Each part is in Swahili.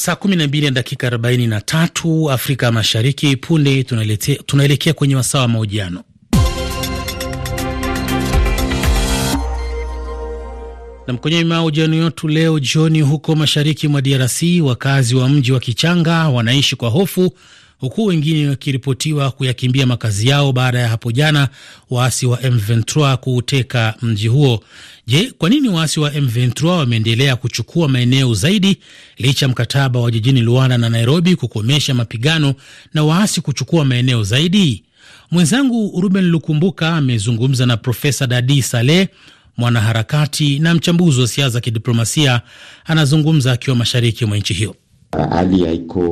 Saa kumi na mbili na dakika arobaini na tatu Afrika Mashariki. Punde tunaelekea kwenye wasaa wa mahojiano na kwenye mahojiano yetu leo jioni, huko mashariki mwa DRC, wakazi wa mji wa Kichanga wanaishi kwa hofu huku wengine wakiripotiwa kuyakimbia makazi yao baada ya hapo jana waasi wa M23 kuuteka mji huo. Je, kwa nini waasi wa M23 wameendelea kuchukua maeneo zaidi licha ya mkataba wa jijini Luanda na Nairobi kukomesha mapigano na waasi kuchukua maeneo zaidi? Mwenzangu Ruben Lukumbuka amezungumza na Profesa Dadi Saleh, mwanaharakati na mchambuzi wa siasa za kidiplomasia. Anazungumza akiwa mashariki mwa nchi hiyo hali haiko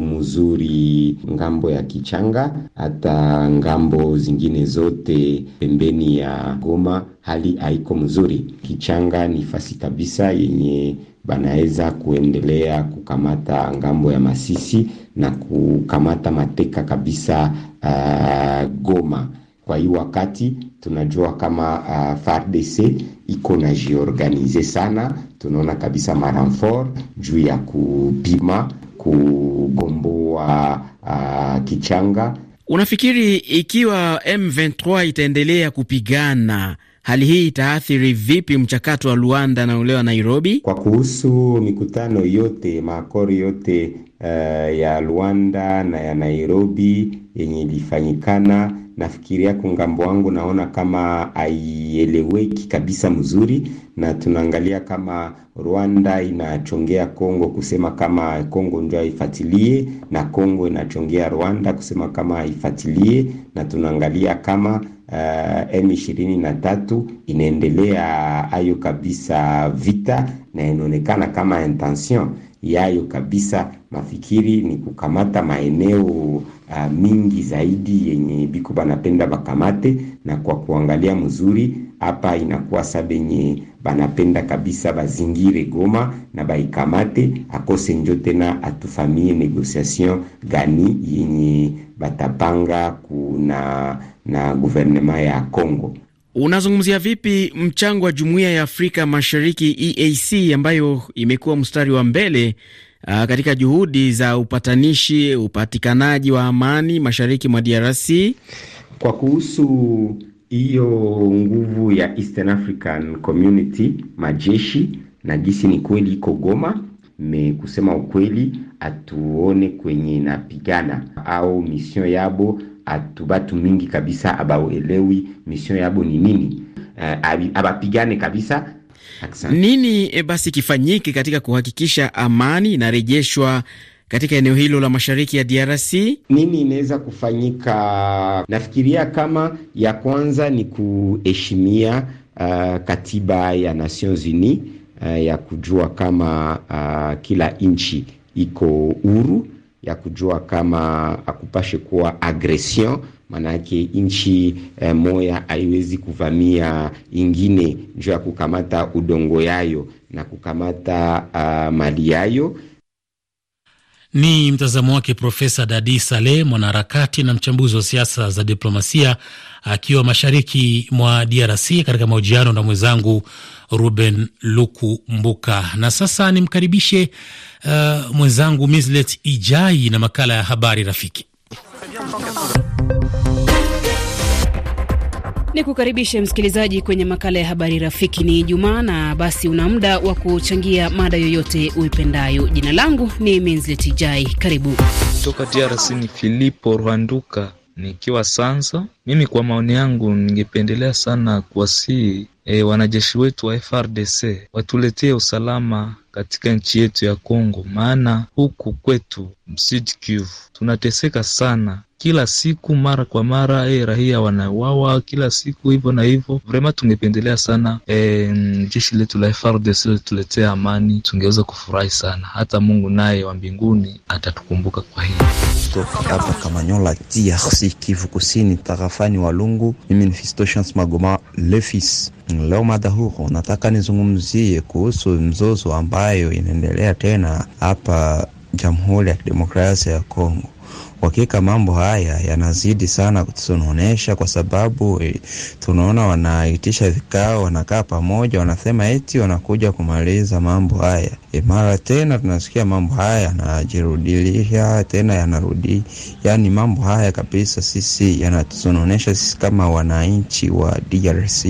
mzuri ngambo ya Kichanga, hata ngambo zingine zote pembeni ya Goma, hali haiko mzuri. Kichanga ni fasi kabisa yenye banaweza kuendelea kukamata ngambo ya Masisi na kukamata mateka kabisa uh, Goma. Kwa hii wakati tunajua kama uh, ah, FARDC iko na jiorganize sana tunaona kabisa maranfor juu ya kupima kugomboa uh, kichanga. Unafikiri ikiwa M23 itaendelea kupigana hali hii itaathiri vipi mchakato wa Luanda na ule wa Nairobi? Kwa kuhusu mikutano yote maakori yote uh, ya Luanda na ya Nairobi yenye ilifanyikana nafikiria ngambo wangu, naona kama haieleweki kabisa mzuri, na tunaangalia kama Rwanda inachongea Kongo kusema kama Kongo ndio haifuatilie, na Kongo inachongea Rwanda kusema kama haifuatilie, na tunaangalia kama Uh, eh, M23 inaendelea hayo kabisa vita na inaonekana kama intention yayo kabisa. Mafikiri ni kukamata maeneo uh, mingi zaidi yenye biko banapenda bakamate, na kwa kuangalia mzuri hapa inakuwa sabenye banapenda kabisa bazingire Goma na baikamate, akose njo tena atufamie negociation gani yenye batapanga kuna na guvernema ya Congo. Unazungumzia vipi mchango wa Jumuiya ya Afrika Mashariki EAC ambayo imekuwa mstari wa mbele uh, katika juhudi za upatanishi, upatikanaji wa amani mashariki mwa DRC? Kwa kuhusu hiyo nguvu ya Eastern African Community, majeshi na jisi ni kweli iko Goma me kusema ukweli, atuone kwenye napigana au mision yabo atubatu mingi kabisa abauelewi misio yabo ni nini, uh, abapigane kabisa. Aksan. Nini e basi kifanyike katika kuhakikisha amani inarejeshwa katika eneo hilo la mashariki ya DRC? Nini inaweza kufanyika? Nafikiria kama ya kwanza ni kuheshimia uh, katiba ya Nations Unies uh, ya kujua kama uh, kila nchi iko huru ya kujua kama akupashe kuwa agresion, maanake nchi e, eh, moya haiwezi kuvamia ingine juu ya kukamata udongo yayo na kukamata uh, mali yayo. Ni mtazamo wake Profesa Dadi Saleh, mwanaharakati na mchambuzi wa siasa za diplomasia, akiwa mashariki mwa DRC katika mahojiano na mwenzangu Ruben Lukumbuka. Na sasa nimkaribishe uh, mwenzangu Mislet Ijai na makala ya habari rafiki. Ni kukaribishe msikilizaji kwenye makala ya habari rafiki. Ni Ijumaa na basi una muda wa kuchangia mada yoyote uipendayo. Jina langu ni Minzleti Jai, karibu. Kutoka DRC ni Filipo Rwanduka nikiwa Sanza. Mimi kwa maoni yangu, ningependelea sana kuwasihi e, eh, wanajeshi wetu wa FRDC watuletee usalama katika nchi yetu ya Kongo, maana huku kwetu Sud Kivu tunateseka sana kila siku, mara kwa mara e, raia wanauawa kila siku, hivyo na hivyo. Vrema tungependelea sana e, jeshi letu la FARDC lituletee amani, tungeweza kufurahi sana. Hata Mungu naye wa mbinguni atatukumbuka kwa hili. Hapa Kamanyola, DRC, Kivu Kusini, tarafani Walungu. Mimi ni Fisto Chance Magoma Lefis. Leo mada huru nataka nizungumzie kuhusu mzozo ambao ambayo inaendelea tena hapa Jamhuri ya Kidemokrasia ya Kongo. Hakika mambo haya yanazidi sana kutusononesha, kwa sababu e, tunaona wanaitisha vikao, wanakaa pamoja, wanasema eti wanakuja kumaliza mambo haya e, mara tena tunasikia mambo haya yanajirudilia tena yanarudi. Yani mambo haya kabisa sisi yanatusononesha sisi kama wananchi wa DRC.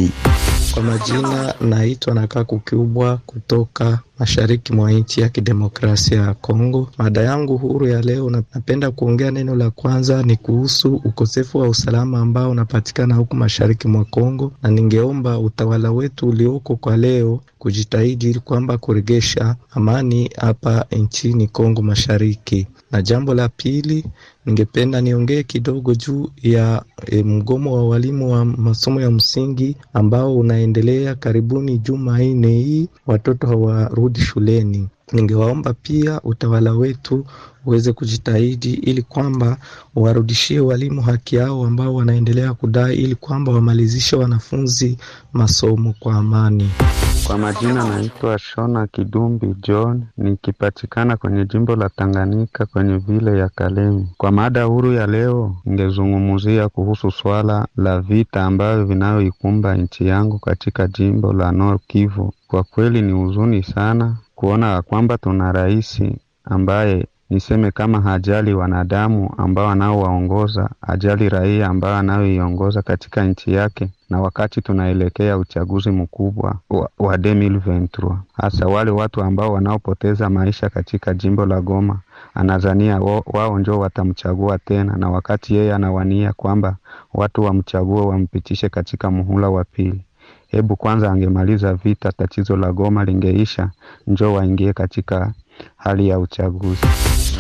Kwa majina naitwa nakaa Kubwa kutoka mashariki mwa nchi ya kidemokrasia ya Kongo. Mada yangu huru ya leo, napenda kuongea neno la kwanza ni kuhusu ukosefu wa usalama ambao unapatikana huku mashariki mwa Kongo, na ningeomba utawala wetu ulioko kwa leo kujitahidi ili kwamba kuregesha amani hapa nchini Kongo mashariki. Na jambo la pili, ningependa niongee kidogo juu ya e, mgomo wa walimu wa masomo ya msingi ambao unaendelea karibuni juma nne hii, watoto hawarudi kurudi shuleni. Ningewaomba pia utawala wetu uweze kujitahidi ili kwamba warudishie walimu haki yao ambao wanaendelea kudai, ili kwamba wamalizishe wanafunzi masomo kwa amani. Kwa majina naitwa Shona Kidumbi John, nikipatikana kwenye jimbo la Tanganyika kwenye vile ya Kalemi. Kwa mada huru ya leo, ningezungumzia kuhusu swala la vita ambavyo vinayoikumba nchi yangu katika jimbo la nor Kivu. Kwa kweli ni huzuni sana kuona ya kwamba tuna rais ambaye niseme kama hajali wanadamu ambao anaowaongoza, ajali raia ambao anayoiongoza katika nchi yake, na wakati tunaelekea uchaguzi mkubwa wa, wa 2023 hasa wale watu ambao wanaopoteza maisha katika jimbo la Goma, anazania wao, wao njo watamchagua tena, na wakati yeye anawania kwamba watu wamchague wampitishe katika muhula wa pili. Hebu kwanza angemaliza vita, tatizo la Goma lingeisha, njo waingie katika hali ya uchaguzi.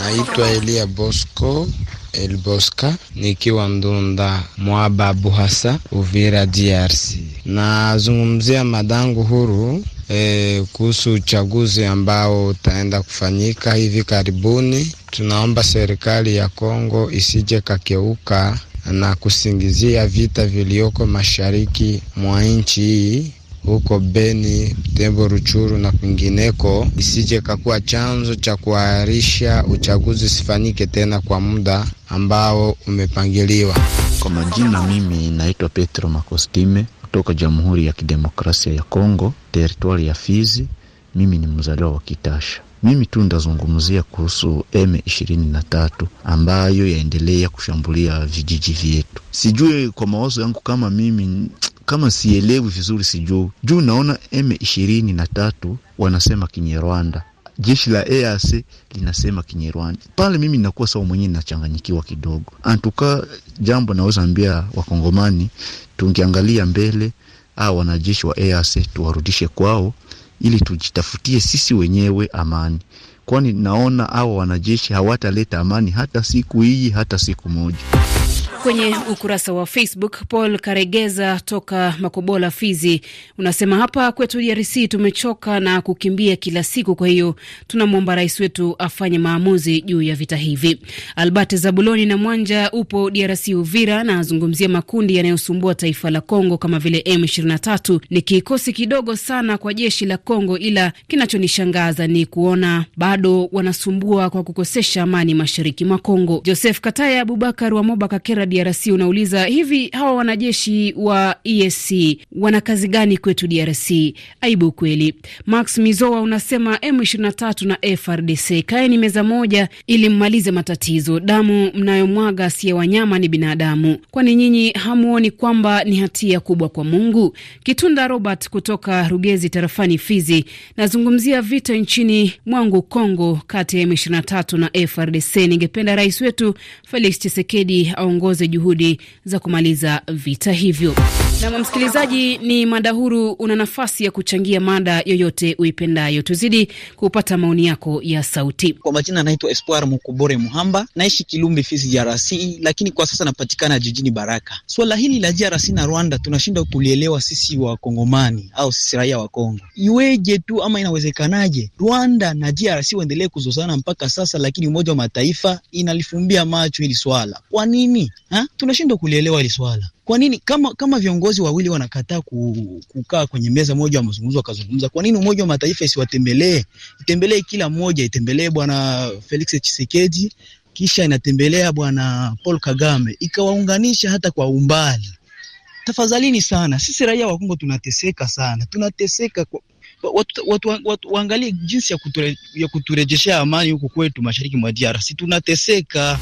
Naitwa Elia Bosco El Bosca, nikiwa Ndunda Mwaba Buhasa, Uvira, DRC. Nazungumzia madangu huru e, kuhusu uchaguzi ambao utaenda kufanyika hivi karibuni. Tunaomba serikali ya Kongo isije kakeuka na kusingizia vita vilioko mashariki mwa nchi hii huko Beni, Tembo, Ruchuru na kwingineko, isije kakuwa chanzo cha kuahirisha uchaguzi usifanyike tena kwa muda ambao umepangiliwa. Kwa majina, mimi naitwa Petro Makostime kutoka Jamhuri ya Kidemokrasia ya Kongo, teritwari ya Fizi. Mimi ni mzaliwa wa Kitasha. Mimi tu ndazungumzia kuhusu M23 ambayo yaendelea kushambulia vijiji vyetu. Sijui kwa mawazo yangu kama mimi kama sielewi vizuri, sijuu juu naona M23 wanasema Kinyarwanda, jeshi la EAC linasema Kinyarwanda pale, mimi nakuwa sawa mwenyewe nachanganyikiwa kidogo. Antuka jambo naweza ambia Wakongomani, tungeangalia mbele, a wanajeshi wa EAC tuwarudishe kwao, ili tujitafutie sisi wenyewe amani, kwani naona awa wanajeshi hawataleta amani hata siku hii, hata siku moja. Kwenye ukurasa wa Facebook, Paul Karegeza toka Makobola, Fizi, unasema hapa kwetu DRC tumechoka na kukimbia kila siku, kwa hiyo tunamwomba rais wetu afanye maamuzi juu ya vita hivi. Albert Zabuloni na Mwanja upo DRC, Uvira, na azungumzia makundi yanayosumbua taifa la Kongo kama vile M23. Ni kikosi kidogo sana kwa jeshi la Kongo, ila kinachonishangaza ni kuona bado wanasumbua kwa kukosesha amani mashariki mwa Kongo. Joseph Kataya Abubakar wa Moba Kakera DRC unauliza hivi, hawa wanajeshi wa EAC wana kazi gani kwetu DRC? Aibu kweli. Max Mizoa unasema M23 na FRDC kaeni meza moja ili mmalize matatizo. Damu mnayomwaga si ya wanyama, ni binadamu. Kwani nyinyi hamuoni kwamba ni hatia kubwa kwa Mungu? Kitunda Robert kutoka Rugezi tarafani Fizi, nazungumzia vita nchini mwangu Kongo kati ya M23 na FRDC. Ningependa rais wetu Felix Tshisekedi aongoze juhudi za kumaliza vita hivyo. Nam msikilizaji, ni mada huru. Una nafasi ya kuchangia mada yoyote uipendayo. Tuzidi kupata maoni yako ya sauti. Kwa majina, naitwa Espoir Mukobore Muhamba, naishi Kilumbi, Fizi, DRC, lakini kwa sasa napatikana jijini Baraka. Swala hili la DRC na Rwanda tunashinda kulielewa sisi Wakongomani au sisi raia wa Kongo. Iweje tu ama inawezekanaje Rwanda na DRC waendelee kuzozana mpaka sasa, lakini Umoja wa Mataifa inalifumbia macho hili swala? Kwa nini tunashindwa kulielewa hili swala? Kwa nini kama kama viongozi wawili wanakataa kukaa kwenye meza moja wa mazungumzo wakazungumza, kwa nini Umoja wa Mataifa isiwatembelee? Itembelee kila mmoja, itembelee bwana Felix Tshisekedi, kisha inatembelea bwana Paul Kagame, ikawaunganisha hata kwa umbali. Tafadhalini sana, sisi raia wa Kongo tunateseka sana, tunateseka kwa watu, watu, watu waangalie jinsi ya, kuture, ya kuturejeshea amani huku kwetu mashariki mwa DRC tunateseka.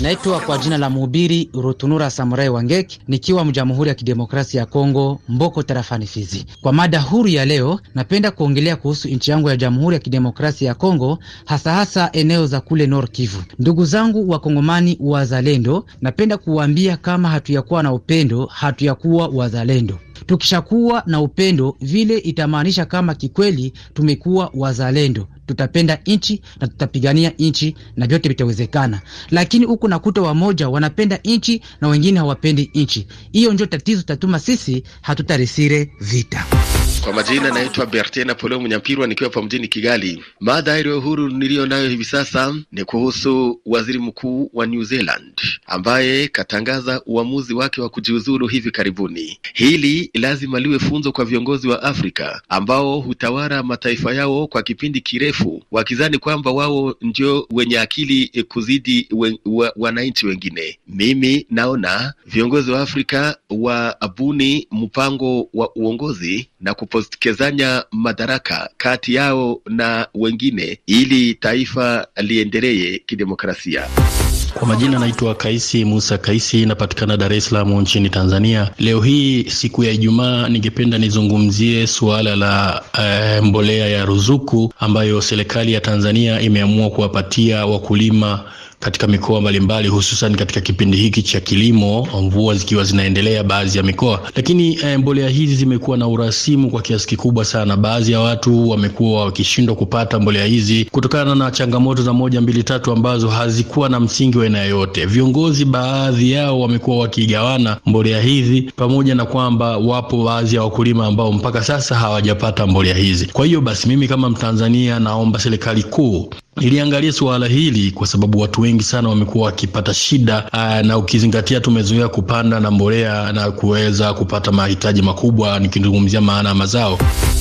Naitwa kwa jina la mhubiri Rutunura Samurai Wangeki, nikiwa mjamhuri ya kidemokrasia ya Kongo, Mboko tarafani Fizi. Kwa mada huru ya leo, napenda kuongelea kuhusu nchi yangu ya Jamhuri ya Kidemokrasia ya Kongo, hasa hasa eneo za kule Nord Kivu. Ndugu zangu Wakongomani wazalendo, napenda kuwaambia kama hatuyakuwa na upendo, hatuyakuwa wazalendo tukishakuwa na upendo vile itamaanisha kama kikweli tumekuwa wazalendo tutapenda nchi na tutapigania nchi na vyote vitawezekana. Lakini huku nakuta wamoja wanapenda nchi na wengine hawapendi nchi. Hiyo ndio tatizo, tatuma sisi hatutarisire vita kwa majina naitwa Bertin Napoleo Mnyampirwa, nikiwa hapa mjini Kigali. Mada ya uhuru niliyo nayo hivi sasa ni kuhusu waziri mkuu wa New Zealand ambaye katangaza uamuzi wake wa kujiuzulu hivi karibuni. Hili lazima liwe funzo kwa viongozi wa Afrika ambao hutawala mataifa yao kwa kipindi kirefu, wakizani kwamba wao ndio wenye akili kuzidi wananchi wa, wananchi wengine. Mimi naona viongozi wa Afrika wabuni mpango wa uongozi na kupokezanya madaraka kati yao na wengine ili taifa liendelee kidemokrasia. Kwa majina naitwa Kaisi Musa Kaisi, napatikana Dar es Salaam nchini Tanzania. Leo hii siku ya Ijumaa, ningependa nizungumzie suala la e, mbolea ya ruzuku ambayo serikali ya Tanzania imeamua kuwapatia wakulima katika mikoa mbalimbali, hususan katika kipindi hiki cha kilimo, mvua zikiwa zinaendelea baadhi ya mikoa. Lakini eh, mbolea hizi zimekuwa na urasimu kwa kiasi kikubwa sana. Baadhi ya watu wamekuwa wakishindwa kupata mbolea hizi kutokana na changamoto za moja mbili tatu ambazo hazikuwa na msingi wa aina yoyote. Viongozi baadhi yao wamekuwa wakigawana mbolea hizi, pamoja na kwamba wapo baadhi ya wakulima ambao mpaka sasa hawajapata mbolea hizi. Kwa hiyo basi, mimi kama Mtanzania naomba serikali kuu niliangalia suala hili kwa sababu watu wengi sana wamekuwa wakipata shida aa, ah, na ukizingatia tumezoea kupanda na mbolea na kuweza kupata mahitaji makubwa, nikizungumzia maana ya mazao.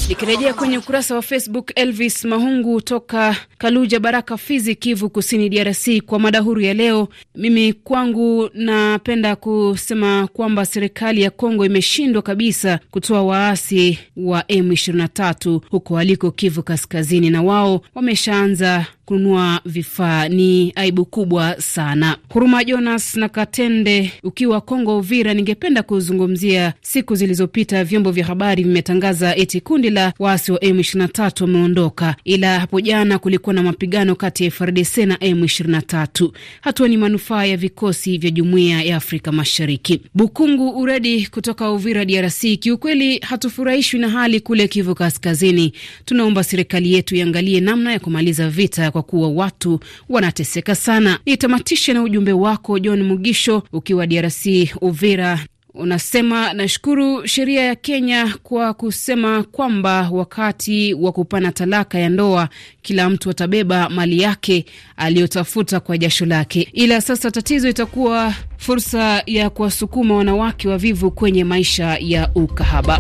Nikirejea kwenye ukurasa wa Facebook, Elvis Mahungu toka Kaluja Baraka, Fizi, Kivu Kusini, DRC, kwa mada huru ya leo. Mimi kwangu napenda kusema kwamba serikali ya Kongo imeshindwa kabisa kutoa waasi wa M23 huko waliko Kivu Kaskazini, na wao wameshaanza kununua vifaa. Ni aibu kubwa sana. Huruma Jonas na Katende, ukiwa Kongo Uvira, ningependa kuzungumzia siku zilizopita, vyombo vya habari vimetangaza eti kundi la waasi wa M23 wameondoka, ila hapo jana kulikuwa na mapigano kati ya FRDC na M23. Hatua ni manufaa ya vikosi vya Jumuiya ya Afrika Mashariki. Bukungu Uredi kutoka Uvira, DRC. Kiukweli hatufurahishwi na hali kule Kivu Kaskazini. Tunaomba serikali yetu iangalie namna ya kumaliza vita kwa kuwa watu wanateseka sana. Nitamatishe na ujumbe wako John Mugisho ukiwa DRC Uvira. Unasema nashukuru sheria ya Kenya kwa kusema kwamba wakati wa kupana talaka ya ndoa kila mtu atabeba mali yake aliyotafuta kwa jasho lake, ila sasa tatizo itakuwa fursa ya kuwasukuma wanawake wavivu kwenye maisha ya ukahaba.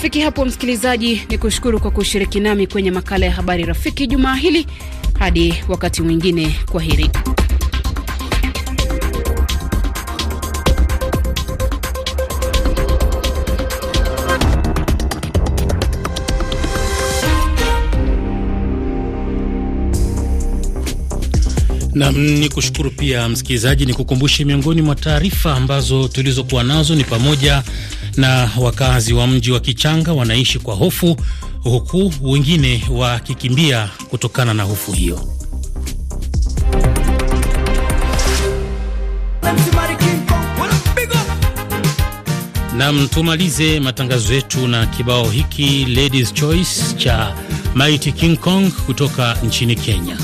Kufikia hapo, msikilizaji, ni kushukuru kwa kushiriki nami kwenye makala ya habari rafiki jumaa hili. Hadi wakati mwingine, kwa heri. Nam ni kushukuru pia msikilizaji, ni kukumbushe miongoni mwa taarifa ambazo tulizokuwa nazo ni pamoja na wakazi wa mji wa Kichanga wanaishi kwa hofu, huku wengine wakikimbia kutokana na hofu hiyo. Nam tumalize matangazo yetu na kibao hiki Ladies Choice cha Mighty King Kong kutoka nchini Kenya.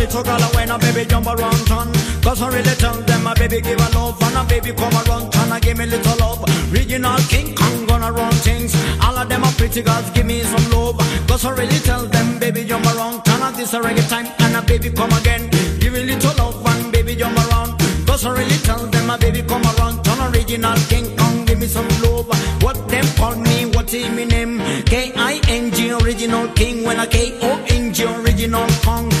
little girl when a baby jump around town. Cause I really tell them my baby give a love and a baby come around town. I give me little love. Regional King Kong gonna run things. All of them are pretty girls, give me some love. Cause I really tell them baby jump around town. And this a reggae time and a baby come again. Give me little love and baby jump around. Cause I really tell them my baby come around town. Original King Kong give me some love. What them call me, what is my name? K-I-N-G original King when I K-O-N-G original Kong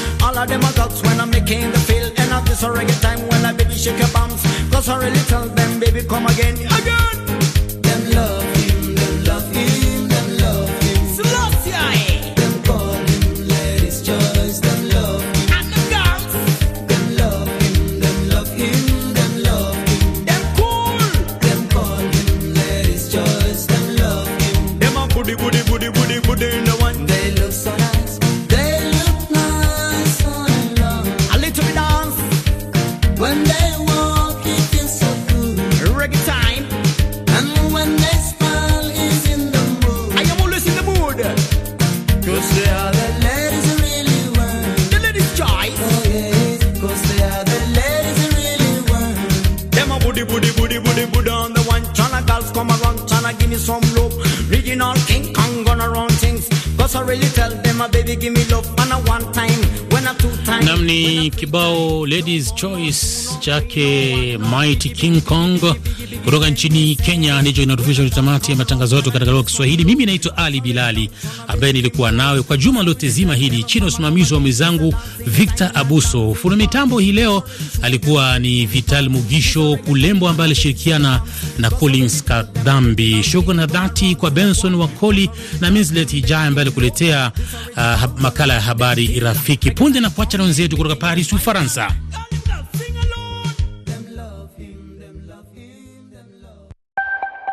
of them adults when I'm making the feel. And I this a reggae time when I baby shake your bumps. Cause I really tell them, baby, come again. again. Nam ni kibao Ladies Choice chake Mighty King Kong kutoka nchini Kenya. Ndicho inatufisha tamati ya matangazo yetu katika lugha ya Kiswahili. Mimi naitwa Ali Bilali ambaye nilikuwa nawe kwa juma lote zima hili chini ya usimamizi wa mwenzangu Victor Abuso. Fundi mitambo hii leo alikuwa ni Vital Mugisho Kulembo ambaye alishirikiana na Collins Kadambi. Shukrani na dhati kwa Benson Wakoli na Minslet Hijaya ambaye alikuletea uh, makala ya habari rafiki punde na kuacha na wenzetu kutoka Paris, Ufaransa.